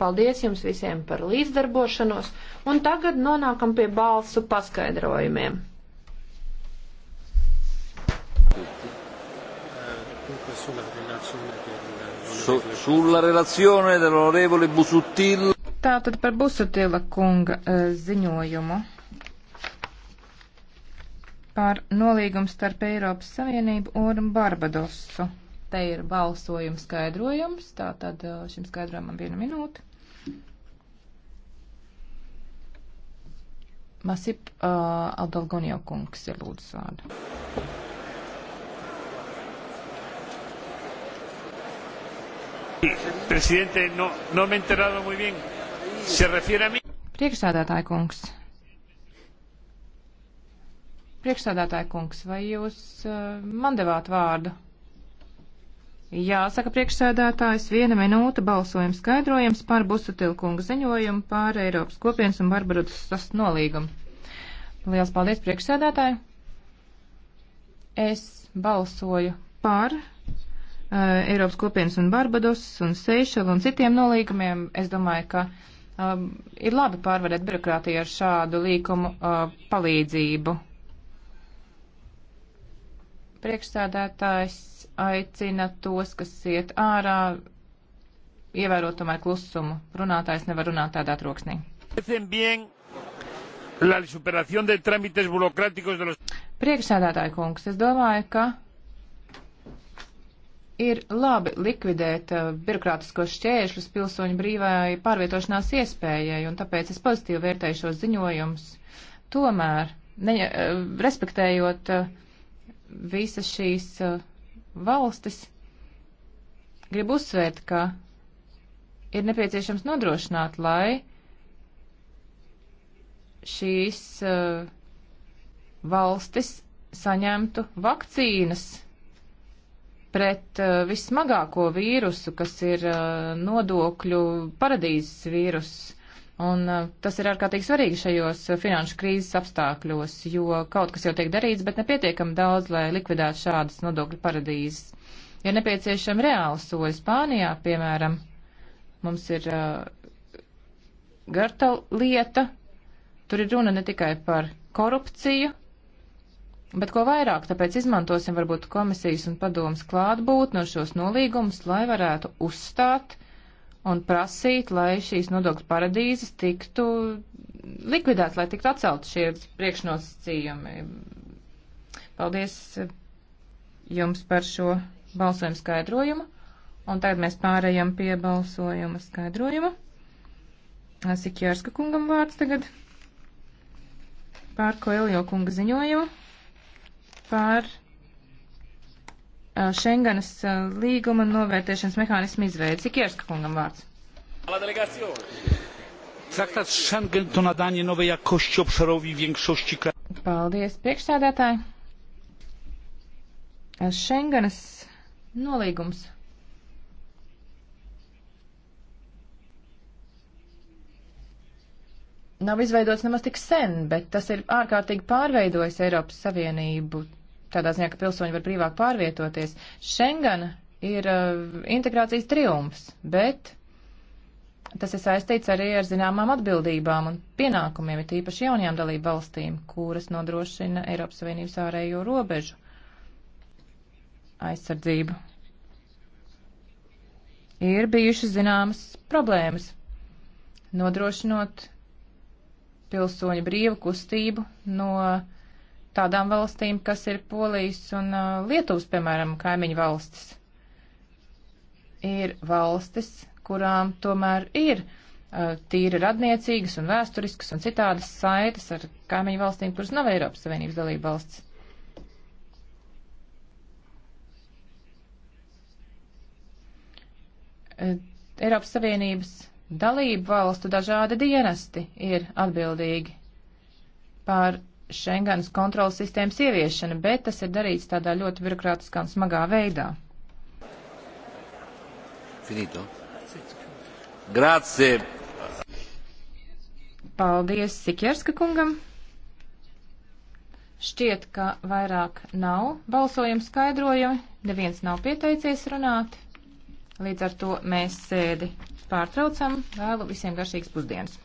Paldies jums visiem par līdzdarbošanos, un tagad nonākam pie balsu paskaidrojumiem. Su, sulla relazione dell'onorevole Busuttil. Tātad par Busutila kunga e, ziņojumu par nolīgumu starp Eiropas Savienību un Barbadosu. Te ir balsojuma skaidrojums, tā tad uh, šim skaidrojumam viena minūte. Masip uh, Aldalgonio kungs ir lūdzu vārdu. Presidente, no, no me he enterado muy bien. Se refiere a mí. Priekšsādātāja kungs. Priekšsādātāja kungs, vai jūs uh, man devāt vārdu? Jāsaka, priekšsēdētājs, viena minūte balsojuma skaidrojums par Busutilkunga ziņojumu par Eiropas kopienas un Barbarutas nolīgumu. Lielas paldies, priekšsēdētāji! Es balsoju par uh, Eiropas kopienas un Barbados un Seišelu un citiem nolīgumiem. Es domāju, ka um, ir labi pārvarēt birokrātiju ar šādu līkumu uh, palīdzību. Priekšstādātājs aicina tos, kas iet ārā, ievērot tomēr klusumu. Runātājs nevar runāt tādā troksnī. Priekšsēdētāji kungs, es domāju, ka ir labi likvidēt uh, birokrātiskos šķēršļus pilsoņu brīvai pārvietošanās iespējai, un tāpēc es pozitīvi vērtēju šos ziņojumus. Tomēr, ne, uh, respektējot uh, visas šīs uh, valstis grib uzsvērt, ka ir nepieciešams nodrošināt, lai šīs uh, valstis saņemtu vakcīnas pret uh, vismagāko vīrusu, kas ir nodokļu paradīzes vīruss. Un uh, tas ir ārkārtīgi svarīgi šajos uh, finanšu krīzes apstākļos, jo kaut kas jau tiek darīts, bet nepietiekami daudz, lai likvidētu šādas nodokļu paradīzes. Ir nepieciešama reāla soļa Spānijā, piemēram, mums ir uh, garta lieta, tur ir runa ne tikai par korupciju, bet ko vairāk, tāpēc izmantosim varbūt komisijas un padomas klātbūtni no šos nolīgumus, lai varētu uzstāt uh, un prasīt, lai šīs nodokļu paradīzes tiktu likvidētas, lai tiktu atcelt šie priekšnosacījumi. Paldies jums par šo balsojumu skaidrojumu. Un tagad mēs pārējām pie balsojuma skaidrojuma. Sikjārska kungam vārds tagad par Koeljo kunga ziņojumu par Šenganas eh, eh, līguma novērtēšanas mehānismu izveidi. Cik ierska kungam vārds? Traktāts Schengen to nadanie novej jakości obšarovi vienkšošķi krajā. Paldies, priekšsēdētāji. Šenganas eh, nolīgums nav izveidots nemaz tik sen, bet tas ir ārkārtīgi pārveidojis Eiropas Savienību tādā ziņā, ka pilsoņi var brīvāk pārvietoties. Šengana ir uh, integrācijas triumfs, bet tas ir saistīts arī ar zināmām atbildībām un pienākumiem, it īpaši jaunajām dalību valstīm, kuras nodrošina Eiropas Savienības ārējo robežu aizsardzību. Ir bijušas zināmas problēmas nodrošinot pilsoņu brīvu kustību no uh, tādām valstīm, kas ir Polijas un uh, Lietuvas, piemēram, kaimiņu valstis. Ir valstis, kurām tomēr ir uh, tīri radniecīgas un vēsturiskas un citādas saites ar kaimiņu valstīm, kuras nav Eiropas Savienības dalība valsts. Uh, Eiropas Savienības dalību valstu dažādi dienesti ir atbildīgi par Schengens kontrolas sistēmas ieviešana, bet tas ir darīts tādā ļoti birokrātiskā un smagā veidā. Finito. Grazie. Paldies Sikjerska kungam. Šķiet, ka vairāk nav balsojumu skaidrojumi, neviens nav pieteicies runāt. Līdz ar to mēs sēdi pārtraucam. Vēlu visiem garšīgas pusdienas.